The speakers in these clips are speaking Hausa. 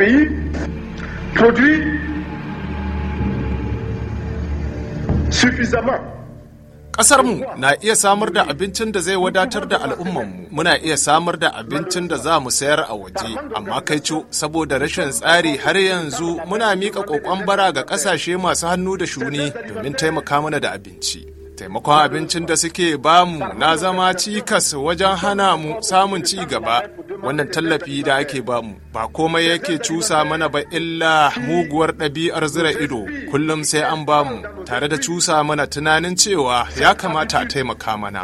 pays produit suffisamment Ƙasarmu na iya samar da abincin da zai wadatar da al'ummanmu, muna iya samar da abincin da za mu sayar a waje, amma kai co, saboda rashin tsari har yanzu muna miƙa ƙoƙon bara ga ƙasashe masu hannu da shuni domin taimaka mana da abinci. taimakon abincin da suke bamu na zama cikas wajen hana mu samun ci gaba wannan tallafi da ake bamu ba komai yake cusa mana ba illa muguwar ɗabi'ar zira ido kullum sai an bamu tare da cusa mana tunanin cewa ya kamata a taimaka mana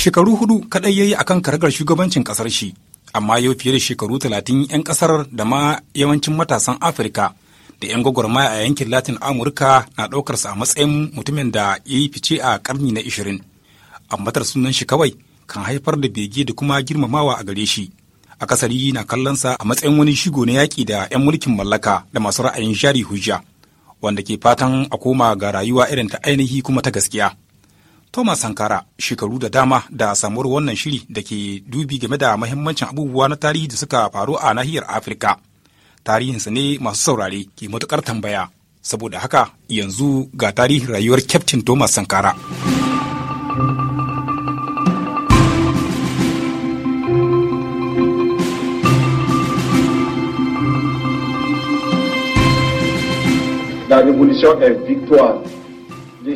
shekaru hudu kaɗai ya yi akan karagar shugabancin ƙasar shi amma yau fiye da shekaru talatin 'yan kasar da ma yawancin matasan afirka da 'yan gwagwarmaya a yankin latin amurka na ɗaukarsa a matsayin mutumin da ya yi fice a karni na 20 matar sunan shi kawai kan haifar da bege da kuma girmamawa a gare shi akasari na kallon sa a matsayin wani shigo na yaƙi da 'yan mulkin mallaka da masu ra'ayin jari hujja wanda ke fatan a koma ga rayuwa irin ta ainihi kuma ta gaskiya Thomas Sankara shekaru da dama da samuwar wannan shiri da ke dubi game da mahimmancin abubuwa na tarihi da suka faru a nahiyar Afirka. Tarihinsa ne masu saurare ke matukar tambaya. Saboda haka yanzu ga tarihin rayuwar Captain Thomas Sankara. La révolution est victoire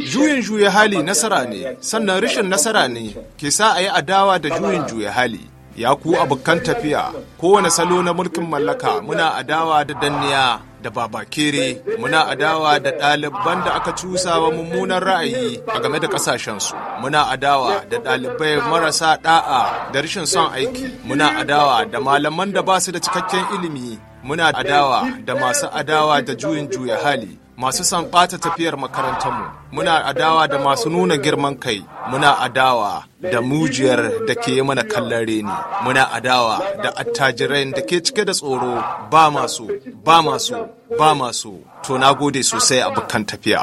Juyin juya hali nasara ne, sannan rashin nasara ne ke sa a yi adawa da juyin juya hali. Ya ku abokan tafiya, kowane salo na mulkin mallaka muna adawa da danniya da babakere, muna adawa da ɗaliban da aka cusa wa mummunan ra'ayi a game da ƙasashensu. Muna adawa da ɗalibai marasa ɗa'a da rashin son aiki, muna adawa da malaman da ba su da cikakken ilimi, muna adawa da masu adawa da juyin juya hali. masu son bata tafiyar makarantarmu muna adawa da masu nuna girman kai muna adawa da mujiyar da ke mana kallon reni muna adawa da attajirai da ke cike da tsoro ba masu ba masu ba masu to na gode sosai abokan tafiya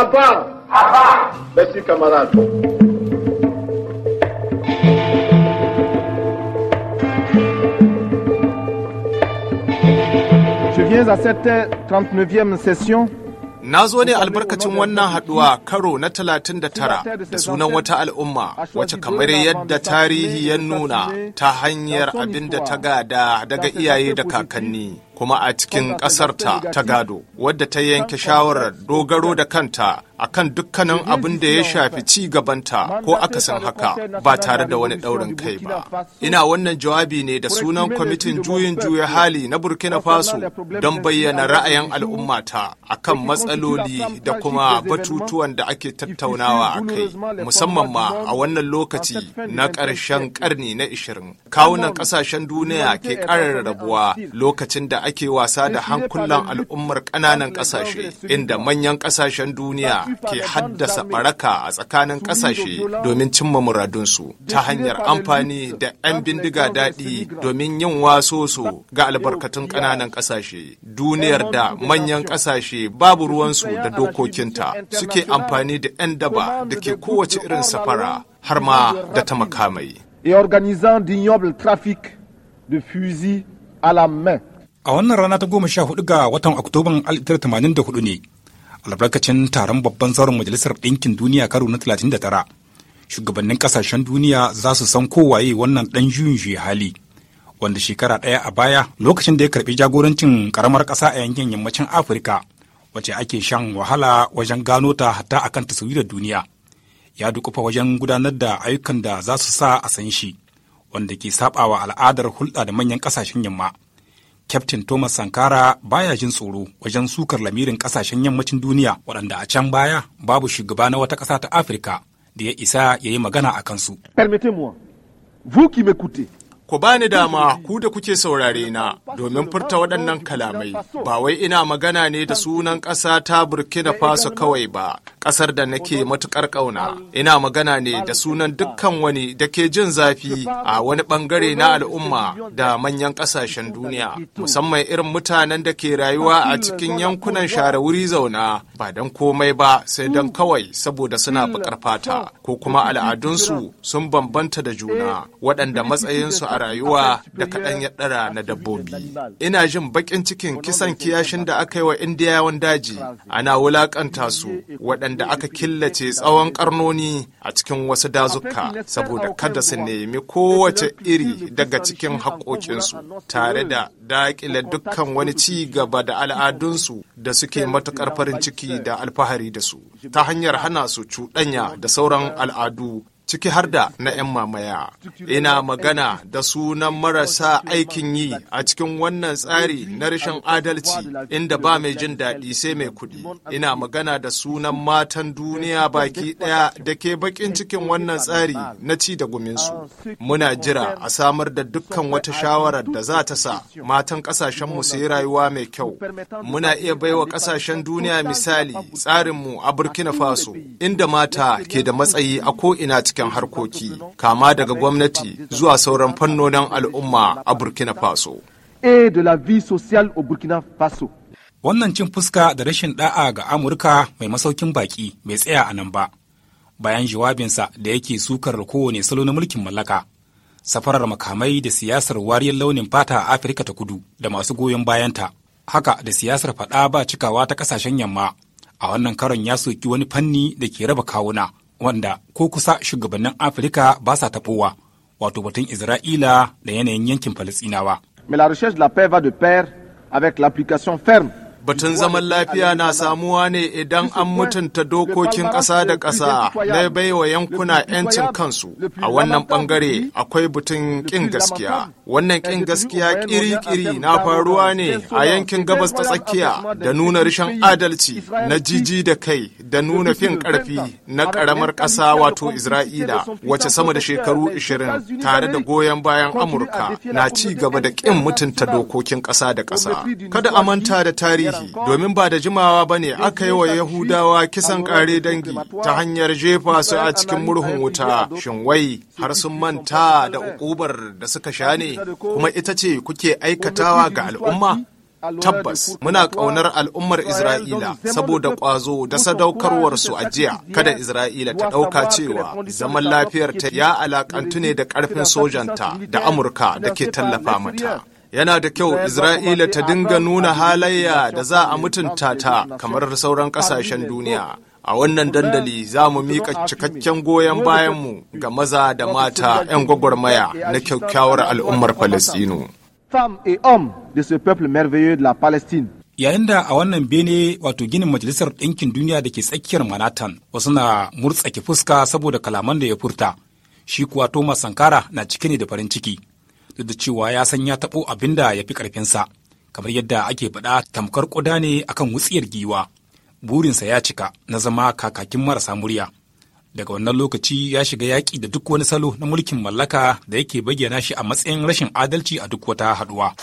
abba abba da shi Na zo ne albarkacin wannan haɗuwa karo na talatin da tara sunan wata al'umma wacce kamar yadda tarihi ya nuna ta hanyar abin da ta gada daga iyaye da kakanni. kuma a cikin ƙasarta ta gado wadda ta yanke shawarar dogaro da kanta a kan dukkanin abin da ya shafi ci gabanta ko akasin haka ba tare da wani daurin kai ba. Ina wannan jawabi ne da sunan kwamitin juyin juya hali na Burkina Faso don bayyana ra'ayin al'ummata a kan matsaloli da kuma batutuwan da ake tattaunawa a kai, musamman ma a wannan lokaci na ƙarshen ƙarni na ishirin. Kawunan ƙasashen duniya ke ƙarar rabuwa lokacin da ake wasa da hankulan al'ummar ƙananan ƙasashe, inda manyan ƙasashen duniya ke haddasa baraka a tsakanin ƙasashe domin cimma muradunsu ta hanyar amfani da 'yan bindiga daɗi domin yin wasosu ga albarkatun ƙananan ƙasashe duniyar da manyan ƙasashe babu ruwansu da dokokinta suke amfani da 'yan daba da ke kowace irin safara har ma da ta makamai. Et organisant A wannan rana ta goma sha hudu ga watan Oktoban 1984 ne, albarkacin taron babban zauren majalisar ɗinkin duniya karo na 39 shugabannin ƙasashen duniya za su san kowaye wannan ɗan juyin hali wanda shekara ɗaya a baya lokacin da ya karɓi jagorancin ƙaramar ƙasa a yankin yammacin afirka wacce ake shan wahala wajen gano ta hatta akan taswirar duniya ya dukufa wajen gudanar da ayyukan da za su sa a san shi wanda ke saɓawa al'adar hulɗa da manyan ƙasashen yamma Kyaftin Thomas Sankara baya jin tsoro wajen sukar lamirin kasashen yammacin duniya waɗanda a can baya babu shugaba na wata ƙasa ta Afirka da ya isa ya yi magana a kansu. ku ba ni dama ku da kuke saurare na domin furta waɗannan kalamai ba wai ina magana ne da sunan ƙasa ta burkina faso kawai ba ƙasar da nake matuƙar ƙauna ina magana ne da sunan dukkan wani da ke jin zafi a wani ɓangare na al'umma da manyan ƙasashen duniya musamman irin mutanen da ke rayuwa a cikin yankunan share wuri zauna ba don komai ba sai don kawai saboda suna buƙar fata ko kuma al'adunsu sun bambanta da juna waɗanda matsayinsu a rayuwa da kaɗan ya ɗara na dabbobi. Ina jin baƙin cikin kisan kiyashin da aka yi wa Indiyawan daji ana wulaƙanta su waɗanda aka killace tsawon ƙarnoni a cikin wasu dazuka saboda kada su nemi kowace iri daga cikin haƙoƙinsu tare da daƙile dukkan wani ci gaba da al'adunsu da suke matuƙar farin ciki da alfahari da su ta hanyar hana su cuɗanya da sauran al'adu ciki har da na 'yan mamaya. Ina magana da sunan marasa aikin yi a cikin wannan tsari na rashin adalci inda ba mai jin daɗi sai mai kuɗi. Ina magana da sunan matan duniya baki ɗaya da ke baƙin cikin wannan tsari na ci da guminsu. Muna jira a samar da dukkan wata shawarar da za ta sa matan ƙasashenmu su yi rayuwa mai kyau. Muna iya baiwa ƙasashen duniya misali tsarinmu a Burkina Faso inda mata ke da matsayi a ko'ina cikin cikin harkoki kama daga gwamnati zuwa sauran fannonin al'umma a burkina faso wannan cin fuska da rashin da'a ga amurka mai masaukin baki bai tsaya a nan ba bayan jawabinsa da yake sukar kowane salo na mulkin mallaka safarar makamai da siyasar wariyar launin fata a afirka ta kudu da masu goyon bayanta haka da siyasar faɗa ba cikawa ta ƙasashen yamma a wannan karon ya soki wani fanni da ke raba kawuna wanda ko kusa shugabannin afirka ba sa taɓowa wato batun isra'ila da yanayin yankin falasinawa. Mais la recherche de la paix va de pair avec l'application ferme batun zaman lafiya na samuwa ne idan an mutunta dokokin ƙasa da ƙasa na baiwa yankuna 'yancin kansu. A wannan ɓangare akwai butun ƙin gaskiya. Wannan ƙin gaskiya ƙiri-ƙiri na faruwa ne a yankin gabas ta tsakiya da nuna rashin adalci na jiji da kai da nuna fin ƙarfi na ƙaramar ƙasa wato Isra'ila wace sama da shekaru 20 tare da goyon bayan Amurka na ci gaba da ƙin mutunta dokokin ƙasa da ƙasa. Kada a manta da tarihi domin ba da jimawa ba ne aka yi wa Yahudawa kisan ƙare dangi ta hanyar jefa su a cikin murhun wuta shin wai har sun manta da ukubar da suka sha ne kuma ita ce kuke aikatawa ga al'umma? Tabbas, muna ƙaunar al'ummar Isra'ila saboda ƙwazo da sadaukarwarsu a jiya, kada Isra'ila ta ɗauka cewa zaman lafiyar lafiyarta ya alaƙantu ne da ƙarfin sojanta da Amurka da ke tallafa mata. yana da kyau Isra'ila ta dinga nuna halayya da za a mutunta ta kamar sauran ƙasashen duniya. A wannan dandali za mu miƙa cikakken goyon bayanmu ga maza da mata 'yan gwagwarmaya na kyakkyawar al'ummar Falastinu. Yayin da a wannan bene wato ginin Majalisar Ɗinkin Duniya da ke tsakiyar Manhattan wasu na murtsake fuska saboda kalaman da ya furta, shi kuwa Thomas Sankara na cike ne da farin ciki. duk da cewa ya san ya taɓo abin da ya fi ƙarfinsa kamar yadda ake faɗa tamkar ƙuda ne akan wutsiyar giwa burinsa ya cika na zama kakakin marasa murya daga wannan lokaci ya shiga yaƙi da duk wani salo na mulkin mallaka da yake bayyana shi a matsayin rashin adalci a duk wata haɗuwa.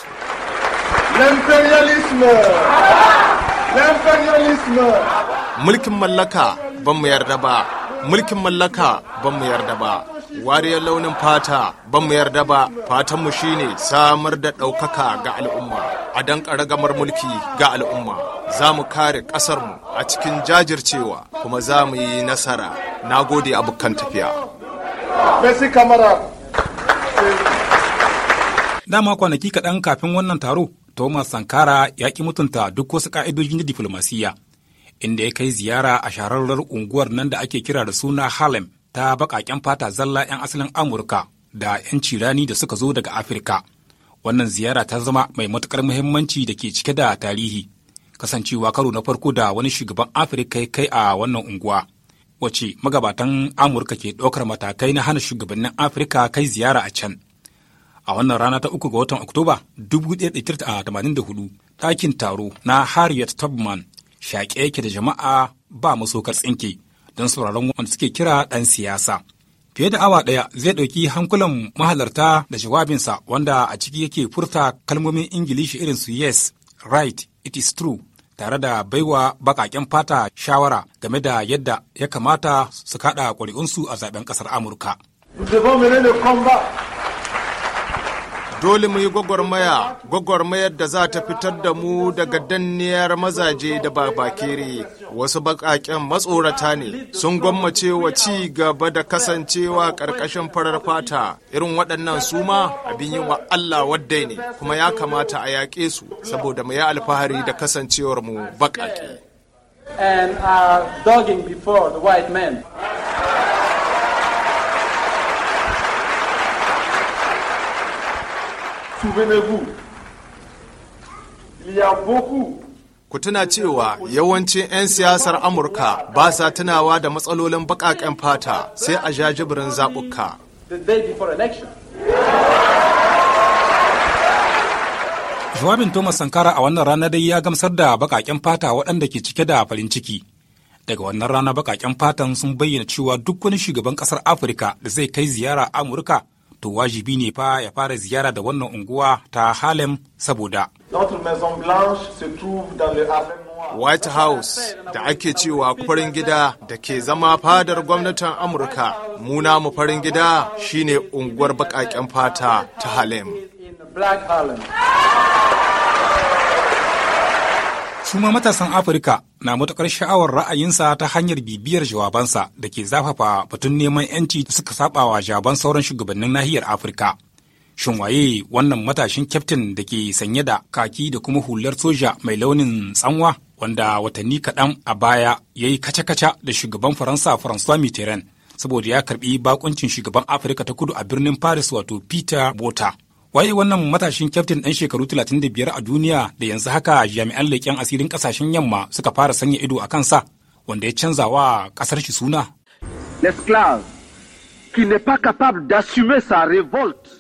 Mulkin mallaka ban mu yarda ba, mulkin mallaka ban mu yarda ba. wariyar launin fata ban mu yarda ba fatanmu shine samar da ɗaukaka ga al'umma a dan ƙaragamar mulki ga al'umma za mu kare ƙasarmu a cikin jajircewa kuma za mu yi nasara na gode abokan tafiya dama kwanaki kaɗan kafin wannan taro thomas sankara ya ƙi mutunta duk wasu ƙa'idojin diflomasiyya inda ya kai ziyara a shahararrar unguwar nan da ake kira da suna harlem ta baƙaƙen fata zalla 'yan asalin Amurka da 'yan cirani da suka zo daga Afirka. Wannan ziyara ta zama mai matuƙar muhimmanci da ke cike da tarihi, kasancewa karo na farko da wani shugaban Afirka ya kai a wannan unguwa. Wace magabatan Amurka ke ɗaukar matakai na hana shugabannin Afirka kai ziyara a can. A wannan rana ta uku ga watan Oktoba 1984, ɗakin taro na Harriet Tubman shaƙe yake da jama'a ba masokar tsinke. don sauraron wanda suke kira ɗan siyasa. Fiye da awa ɗaya zai ɗauki hankulan mahalarta da jawabinsa wanda a ciki yake furta kalmomin Ingilishi irin su yes, right, it is true, tare da baiwa baƙaƙen fata shawara game da yadda ya kamata su kaɗa ƙuri'unsu a zaben ƙasar Amurka. dole mu yi gwagwarmaya gwagwarmayar da za ta fitar da mu daga danniyar mazaje da babakere wasu baƙaƙen matsorata ne sun gwammace wa ci gaba da kasancewa ƙarƙashin farar fata irin waɗannan suma ma abin yi wa Allah waddai ne kuma ya kamata a yaƙe su saboda mu yi alfahari da kasancewar mu baƙaƙe. And uh, Souvenez-vous, Ku tuna cewa yawancin 'yan siyasar Amurka ba sa tunawa da matsalolin baƙaƙen fata sai a jajibirin zaɓuka. Jawabin Thomas Sankara a wannan rana dai ya gamsar da baƙaƙen fata waɗanda ke cike da farin ciki. Daga wannan rana baƙaƙen fatan sun bayyana cewa duk wani shugaban ƙasar Afirka da zai kai ziyara Amurka to wajibi ne fa ya fara ziyara da wannan unguwa ta Harlem saboda. White House da ake cewa farin gida da ke zama fadar gwamnatin Amurka, muna mu farin gida shine unguwar baƙaƙen fata ta Harlem. su matasan afirka na matuƙar sha'awar ra'ayinsa ta hanyar bibiyar jawabansa da ke zafafa batun neman 'yanci da suka saba wa jawaban sauran shugabannin nahiyar afirka shin waye wannan matashin kyaftin da ke sanye da kaki da kuma hular soja mai launin tsanwa wanda watanni kaɗan a baya ya yi kaca-kaca da shugaban faransa François mitterrand saboda ya karɓi bakuncin shugaban afirka ta kudu a birnin paris wato peter bota Wai wannan matashin kyaftin ɗan shekaru 35 a duniya da yanzu haka jami'an leƙen asirin ƙasashen yamma suka fara sanya ido a kansa wanda ya canza wa ƙasar shi suna.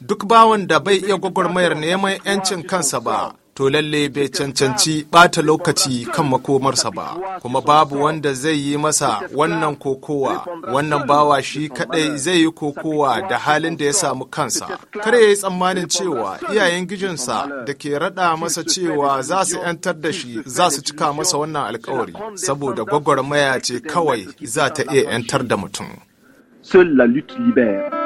Duk bawan da bai iya gwagwarmayar neman 'yancin kansa ba, to lalle bai cancanci ɓata lokaci kan makomarsa ba kuma babu wanda zai yi masa wannan kokowa wannan bawa shi kadai zai yi kokowa da halin da ya samu kansa kar ya yi tsammanin cewa iyayen gijinsa da ke rada masa cewa za su yantar da shi za su cika masa wannan alkawari saboda gwagwarmaya ce kawai za ta iya yantar da mutum Seule la lutte libère.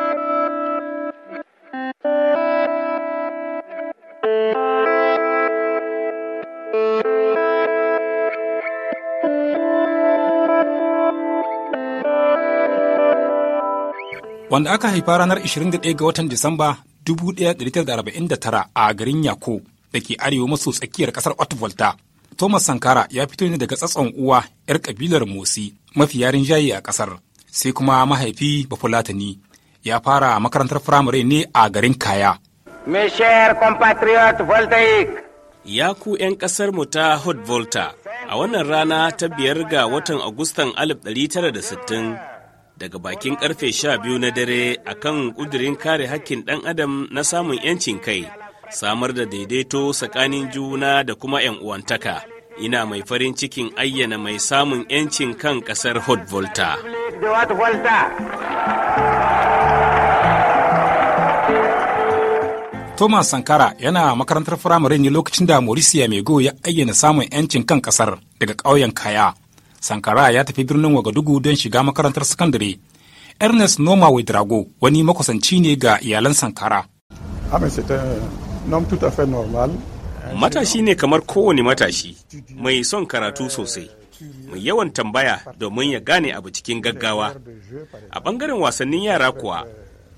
wanda aka haifa ranar 21 ga watan Disamba 1949 a garin Yako da ke arewa maso tsakiyar kasar Otvolta. Thomas Sankara ya fito ne daga tsatson uwa 'yar kabilar Mosi mafi yarin jayi a kasar, sai kuma mahaifi Bafulatani ya fara makarantar firamare ne a garin Kaya. Mes chers compatriotes ya ku 'yan mu ta Hot Volta a wannan rana ta biyar ga watan Agustan 1960 daga bakin karfe sha biyu na dare a kan kudirin kare hakkin ɗan adam na samun 'yancin kai samar da daidaito tsakanin juna da kuma 'yan uwantaka ina mai farin cikin ayyana mai samun 'yancin kan ƙasar hot volta Thomas Sankara yana makarantar firamare ne lokacin da Mauricio Mego ya ayyana samun 'yancin kan ƙasar daga ƙauyen Kaya sankara ya tafi birnin wagadugu don shiga makarantar sakandare ernest noma drago wani makusanci ne ga iyalan sankara ah, matashi ne kamar kowane matashi mai son karatu sosai mai yawan tambaya domin ya gane abu cikin gaggawa a ɓangaren wasannin yara kuwa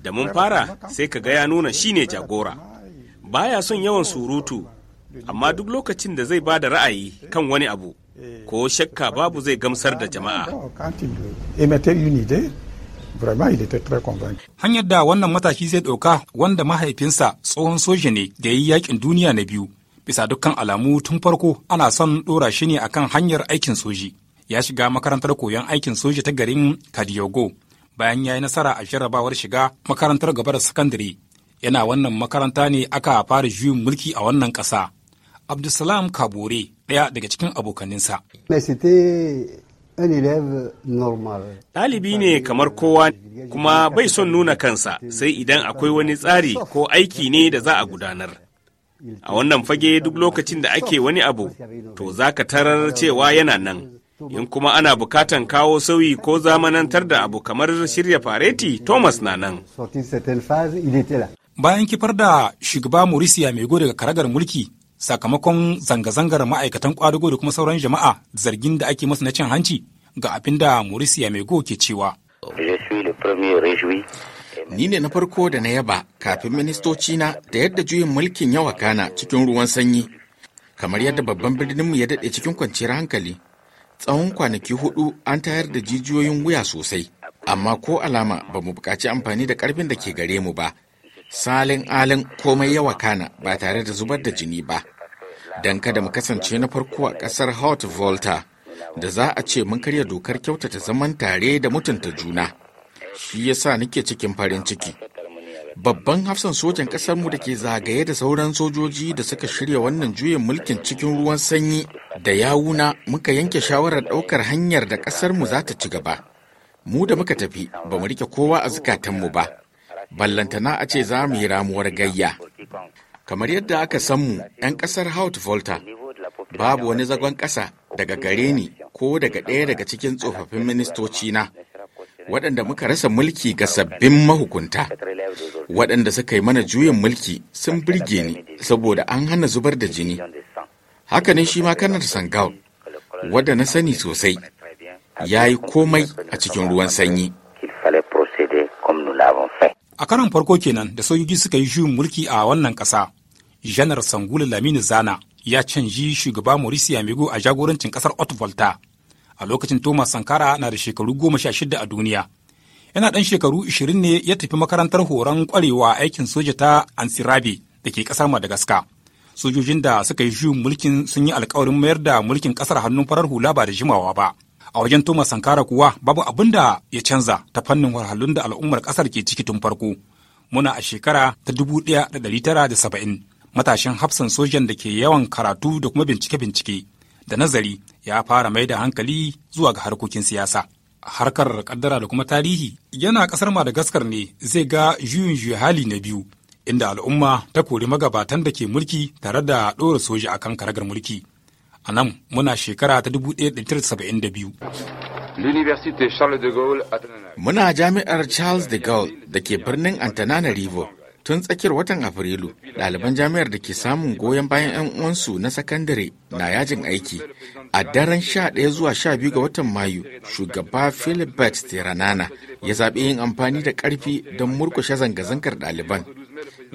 da mun fara sai ka ga ya nuna shine jagora baya son yawan surutu amma duk lokacin da zai ba da ra'ayi kan wani abu ko shakka babu zai gamsar da jama'a. Hanyar da wannan matashi zai ɗauka wanda mahaifinsa tsohon soja ne da ya yi yakin duniya na biyu. Bisa dukkan alamu tun farko ana son ɗora shi ne akan hanyar aikin soji. Ya shiga makarantar koyon aikin soji ta garin Kadiogo bayan ya yi nasara a jarrabawar shiga makarantar gaba da sakandare. Yana wannan makaranta ne aka fara juyin mulki a wannan ƙasa. Abdulsalam Kabore ɗaya daga cikin abokaninsa. Ɗalibi ne kamar kowa kuma bai son nuna kansa sai idan akwai wani tsari ko aiki ne da za a gudanar. A wannan fage duk lokacin da ake wani abu, to za ka tarar cewa yana nan. In kuma ana bukatan kawo sauyi ko zamanantar da abu kamar shirya fareti, Thomas na nan. Bayan kifar da shugaba mai Mego daga karagar mulki, sakamakon zanga-zangar ma'aikatan kwadugo da kuma sauran jama'a zargin da ake masu na cin hanci ga abin da Mauricia Mego ke cewa. Ni ne na farko da na yaba kafin ministoci na da yadda juyin mulkin yawa kana cikin ruwan sanyi, kamar yadda babban birninmu ya daɗe cikin kwanciyar hankali. Tsawon kwanaki hudu an tayar da jijiyoyin wuya sosai, amma ko alama ba mu buƙaci amfani da karfin da ke gare mu ba salin alin komai yawa kana ba tare da zubar da jini ba don kada mu kasance na farko a ƙasar hot volta da za a ce mun karya dokar kyautata zaman tare da mutunta juna shi yasa nake cikin farin ciki babban hafsan sojan ƙasarmu da ke zagaye da sauran sojoji da suka shirya wannan juyin mulkin cikin ruwan sanyi da yawuna muka yanke shawarar ɗaukar hanyar da ƙasarmu za ta ci gaba mu da muka tafi ba mu rike kowa a zukatanmu ba ballantana a ce za mu yi ramuwar gayya. Kamar yadda aka san mu 'yan ƙasar Haut Volta, babu wani zagon ƙasa daga gare ni ko daga ɗaya daga cikin tsofaffin ministoci na. waɗanda muka rasa mulki ga sabbin mahukunta waɗanda suka yi mana juyin mulki sun birge ni saboda an hana zubar da jini Haka ne shi ma kanar sangal wadda na sani sosai ya yi komai a cikin ruwan sanyi A karan farko kenan da sojoji suka yi juyin mulki a wannan ƙasa, Janar Sangula Lamini Zana ya canji shugaba Maurice Yamigo a jagorancin ƙasar Otvolta. A lokacin Thomas Sankara na da shekaru goma sha shida a duniya. Yana ɗan shekaru ishirin ne ya tafi makarantar horon ƙwarewa aikin soja ta Ansirabe da ke ƙasar Madagascar. Sojojin da suka yi juyin mulkin sun yi alkawarin mayar da mulkin ƙasar hannun farar hula ba da jimawa ba. a wajen thomas sankara kuwa babu abin da ya canza ta fannin wahalhalun da al'ummar ƙasar ke ciki tun farko muna a shekara ta dubu da da tara saba'in matashin hafsan sojan da ke yawan karatu da kuma bincike-bincike da nazari ya fara mai da hankali zuwa ga harkokin siyasa harkar kaddara da kuma tarihi yana kasar madagaskar ne zai ga juyin juya hali na biyu inda al'umma ta kori magabatan da ke mulki tare da ɗora soja akan karagar mulki a nan muna shekara ta 1972. Muna jami'ar Charles de Gaulle da ke birnin Antananarivo tun tsakiyar watan Afrilu, ɗaliban jami'ar da ke samun goyon bayan 'yan uwansu na sakandare na yajin aiki. A daren sha ɗaya zuwa sha biyu ga watan Mayu, shugaba Philibert Tiranana ya zaɓi yin amfani da ƙarfi don murkushe zanga-zangar ɗaliban.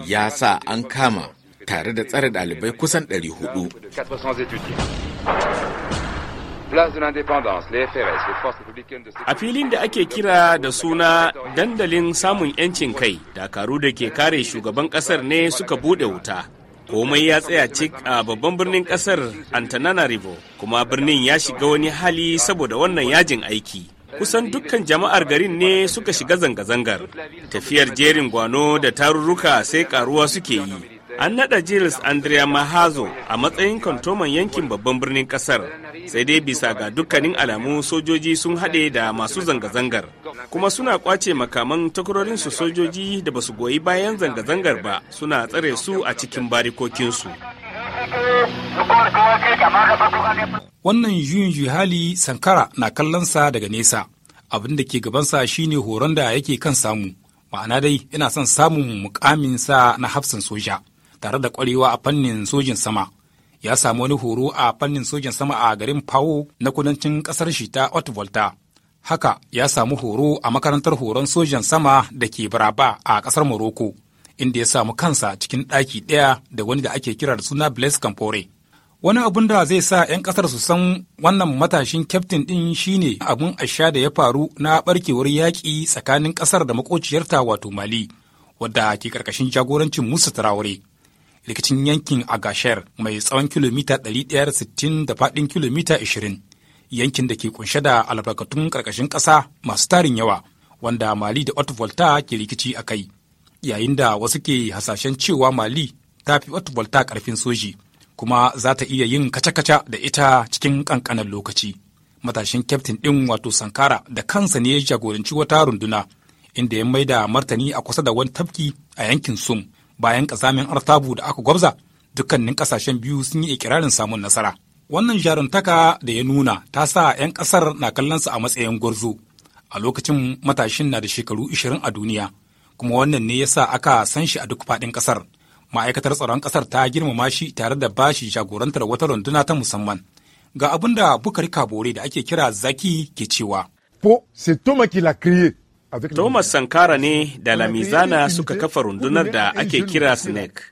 Ya sa an kama tare da tsare dalibai kusan 400. A filin da ake kira da suna dandalin samun 'yancin kai, dakaru da ke kare shugaban kasar ne suka bude wuta. Komai ya tsaya cik a babban birnin kasar Antananarivo, kuma birnin ya shiga wani hali saboda wannan yajin aiki. Kusan dukkan jama'ar garin ne suka shiga zanga-zangar. Tafiyar jerin gwano da tarurruka sai karuwa suke yi. An naɗa Jiles Andrea Mahazo a matsayin kantoman yankin babban birnin ƙasar, sai dai bisa ga dukkanin alamu sojoji sun haɗe da masu zanga-zangar, kuma suna kwace makaman takwarorinsu sojoji da ba su goyi bayan zanga-zangar ba suna tsare su a cikin barikokinsu. Wannan juyin hali Sankara na kallonsa daga nesa, abin da ke gabansa shine horon da yake kan samu, ma'ana dai ina son samun mukamin sa na hafsan soja. tare da ƙwarewa a fannin sojin sama ya samu wani horo a fannin sojin sama a garin Pawo na kudancin ƙasar shi ta Otvolta. Haka ya samu horo a makarantar horon sojan sama da ke Baraba a ƙasar Morocco, inda ya samu kansa cikin ɗaki ɗaya da wani da ake kira da suna Blaise Campore. Wani abun da zai sa 'yan kasar su san wannan matashin kyaftin ɗin shine abun asha da ya faru na ɓarkewar yaƙi tsakanin ƙasar da makociyarta wato Mali, wadda ke ƙarƙashin jagorancin Musa Traore. rikicin yankin agasher mai tsawon kilomita 160 da faɗin kilomita ashirin yankin da ke kunshe da albarkatun ƙarƙashin ƙasa masu tarin yawa wanda mali da otvolta ke rikici a kai yayin da wasu ke hasashen cewa mali ta fi otvolta ƙarfin soji kuma za ta iya yin kaca-kaca da ita cikin ƙanƙanar lokaci matashin kyaftin ɗin wato sankara da kansa ne ya jagoranci wata runduna inda ya maida martani a kusa da wani tafki a yankin sum bayan kasamin artabu da aka gwabza dukkanin kasashen biyu sun yi ikirarin samun nasara wannan jaruntaka da ya nuna ta sa 'yan kasar na kallon su a matsayin gwarzo a lokacin matashin na da shekaru 20 a duniya kuma wannan ne ya sa aka san shi a duk faɗin kasar ma'aikatar tsaron kasar ta girmama shi tare da bashi jagorantar wata runduna ta musamman ga abin da bukari kabore da ake kira zaki ke cewa po c'est toi qui l'a créé Thomas Sankara ne da Lamizana suka kafa rundunar da ake kira Snake.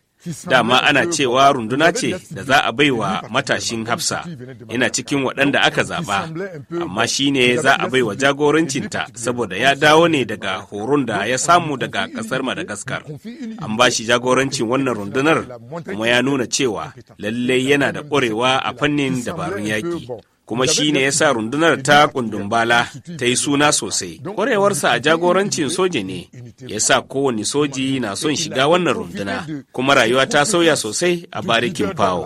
Dama ana euh, cewa runduna ce da za a baiwa matashin Hafsa, yana cikin waɗanda aka zaɓa, amma shi ne za a baiwa jagorancinta saboda ya dawo ne daga horon da ya samu daga ƙasar Madagaskar. An ba shi jagorancin wannan rundunar kuma ya nuna cewa lallai yana da ƙwarewa a fannin dabarun yaƙi. kuma shi ne ya sa rundunar ta kundumbala ta yi suna sosai ƙwarewarsa a jagorancin soji ne ya sa kowane soji na son shiga wannan runduna kuma rayuwa ta sauya sosai a barikin pawo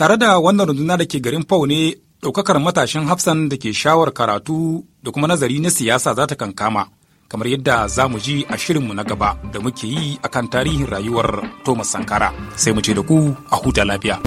tare da wannan runduna da ke garin pawo ne ɗaukakar matashin hafsan da ke shawar karatu da kuma nazari na siyasa za ta kankama kamar yadda za mu ji a shirinmu na gaba da muke yi a kan tarihin rayuwar Thomas Sankara. Sai mu ce da ku a huta lafiya.